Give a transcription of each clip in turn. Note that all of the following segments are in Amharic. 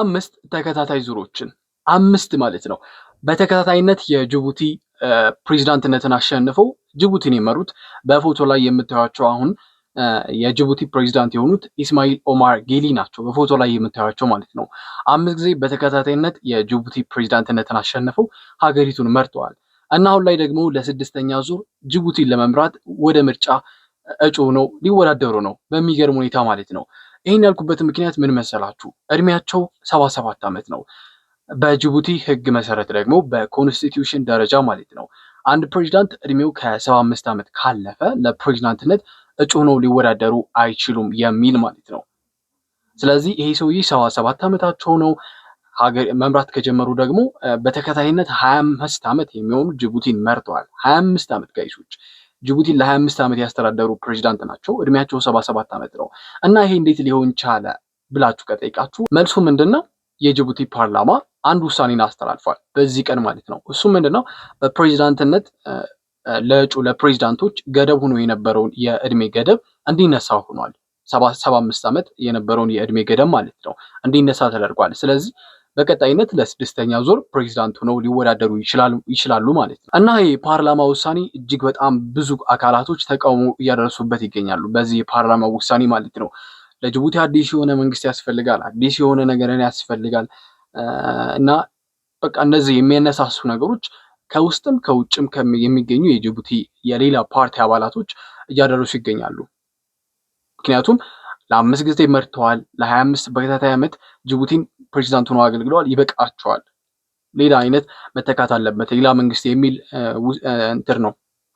አምስት ተከታታይ ዙሮችን አምስት ማለት ነው በተከታታይነት የጅቡቲ ፕሬዚዳንትነትን አሸንፈው ጅቡቲን የመሩት በፎቶ ላይ የምታዩቸው አሁን የጅቡቲ ፕሬዚዳንት የሆኑት ኢስማኤል ኦማር ጌሊ ናቸው። በፎቶ ላይ የምታዩቸው ማለት ነው። አምስት ጊዜ በተከታታይነት የጅቡቲ ፕሬዚዳንትነትን አሸንፈው ሀገሪቱን መርተዋል እና አሁን ላይ ደግሞ ለስድስተኛ ዙር ጅቡቲን ለመምራት ወደ ምርጫ እጩ ነው ሊወዳደሩ ነው በሚገርም ሁኔታ ማለት ነው። ይህን ያልኩበት ምክንያት ምን መሰላችሁ? እድሜያቸው ሰባ ሰባት ዓመት ነው። በጅቡቲ ህግ መሰረት ደግሞ በኮንስቲትዩሽን ደረጃ ማለት ነው አንድ ፕሬዚዳንት እድሜው ከሰባ አምስት ዓመት ካለፈ ለፕሬዚዳንትነት እጩ ነው ሊወዳደሩ አይችሉም የሚል ማለት ነው። ስለዚህ ይሄ ሰውዬ ሰባ ሰባት ዓመታቸው ነው። መምራት ከጀመሩ ደግሞ በተከታይነት ሀያ አምስት ዓመት የሚሆኑ ጅቡቲን መርተዋል። ሀያ አምስት ዓመት ጋይሶች ጅቡቲን ለ25 ዓመት ያስተዳደሩ ፕሬዚዳንት ናቸው። እድሜያቸው 77 ዓመት ነው እና ይሄ እንዴት ሊሆን ቻለ ብላችሁ ከጠይቃችሁ መልሱ ምንድን ነው? የጅቡቲ ፓርላማ አንድ ውሳኔን አስተላልፏል። በዚህ ቀን ማለት ነው። እሱ ምንድን ነው? በፕሬዚዳንትነት ለእጩ ለፕሬዚዳንቶች ገደብ ሆኖ የነበረውን የእድሜ ገደብ እንዲነሳ ሆኗል። ሰባ አምስት ዓመት የነበረውን የእድሜ ገደብ ማለት ነው እንዲነሳ ተደርጓል። ስለዚህ በቀጣይነት ለስድስተኛ ዙር ፕሬዚዳንት ሆነው ሊወዳደሩ ይችላሉ ማለት ነው እና ይህ የፓርላማ ውሳኔ እጅግ በጣም ብዙ አካላቶች ተቃውሞ እያደረሱበት ይገኛሉ። በዚህ የፓርላማ ውሳኔ ማለት ነው። ለጅቡቲ አዲስ የሆነ መንግስት ያስፈልጋል፣ አዲስ የሆነ ነገርን ያስፈልጋል እና በቃ እነዚህ የሚያነሳሱ ነገሮች ከውስጥም ከውጭም የሚገኙ የጅቡቲ የሌላ ፓርቲ አባላቶች እያደረሱ ይገኛሉ። ምክንያቱም ለአምስት ጊዜ መርተዋል። ለሀያ አምስት በተከታታይ ዓመት ጅቡቲን ፕሬዚዳንት ሆነው አገልግለዋል። ይበቃቸዋል። ሌላ አይነት መተካት አለበት፣ ሌላ መንግስት የሚል እንትር ነው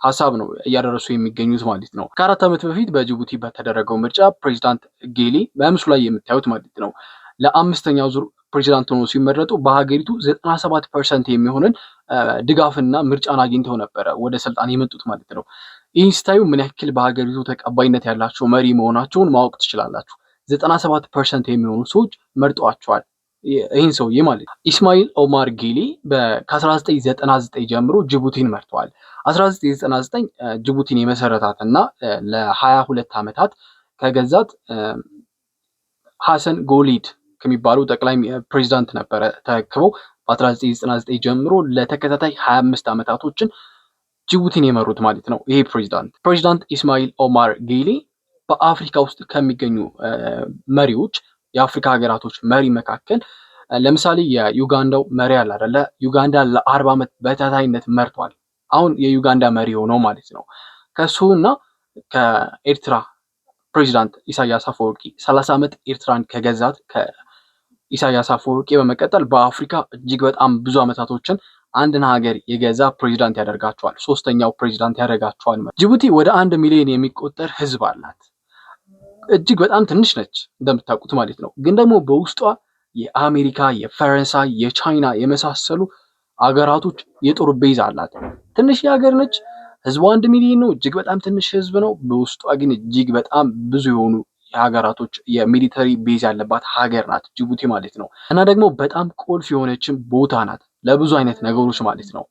ሀሳብ ነው እያደረሱ የሚገኙት ማለት ነው። ከአራት ዓመት በፊት በጅቡቲ በተደረገው ምርጫ ፕሬዚዳንት ጌሌ በምስሉ ላይ የምታዩት ማለት ነው ለአምስተኛው ዙር ፕሬዚዳንት ሆኖ ሲመረጡ በሀገሪቱ ዘጠና ሰባት ፐርሰንት የሚሆንን ድጋፍና ምርጫን አግኝተው ነበረ ወደ ስልጣን የመጡት ማለት ነው። ይህን ስታዩ ምን ያክል በሀገሪቱ ተቀባይነት ያላቸው መሪ መሆናቸውን ማወቅ ትችላላችሁ። ዘጠና ሰባት ፐርሰንት የሚሆኑ ሰዎች መርጠዋቸዋል። ይህን ሰውዬ ማለት ነው። ኢስማኤል ኦማር ጌሌ ከ1999 ጀምሮ ጅቡቲን መርተዋል። 1999 ጅቡቲን የመሰረታት እና ለ22 ዓመታት ከገዛት ሐሰን ጎሊድ ከሚባለው ጠቅላይ ፕሬዚዳንት ነበረ ተክበው በ1999 ጀምሮ ለተከታታይ 25 ዓመታቶችን ጅቡቲን የመሩት ማለት ነው። ይሄ ፕሬዚዳንት ፕሬዚዳንት ኢስማኤል ኦማር ጌሌ በአፍሪካ ውስጥ ከሚገኙ መሪዎች የአፍሪካ ሀገራቶች መሪ መካከል ለምሳሌ የዩጋንዳው መሪ አለ አይደለ? ዩጋንዳ ለአርባ ዓመት በተታይነት መርቷል። አሁን የዩጋንዳ መሪ የሆነው ማለት ነው። ከሱ እና ከኤርትራ ፕሬዚዳንት ኢሳያስ አፈወርቂ ሰላሳ ዓመት ኤርትራን ከገዛት ከኢሳያስ አፈወርቂ በመቀጠል በአፍሪካ እጅግ በጣም ብዙ ዓመታቶችን አንድን ሀገር የገዛ ፕሬዚዳንት ያደርጋቸዋል። ሶስተኛው ፕሬዚዳንት ያደርጋቸዋል። ጅቡቲ ወደ አንድ ሚሊዮን የሚቆጠር ህዝብ አላት። እጅግ በጣም ትንሽ ነች እንደምታውቁት ማለት ነው። ግን ደግሞ በውስጧ የአሜሪካ፣ የፈረንሳይ፣ የቻይና የመሳሰሉ አገራቶች የጦር ቤዝ አላት። ትንሽ የሀገር ነች። ህዝቧ አንድ ሚሊዮን ነው። እጅግ በጣም ትንሽ ህዝብ ነው። በውስጧ ግን እጅግ በጣም ብዙ የሆኑ የሀገራቶች የሚሊተሪ ቤዝ ያለባት ሀገር ናት ጅቡቲ ማለት ነው። እና ደግሞ በጣም ቁልፍ የሆነችን ቦታ ናት ለብዙ አይነት ነገሮች ማለት ነው።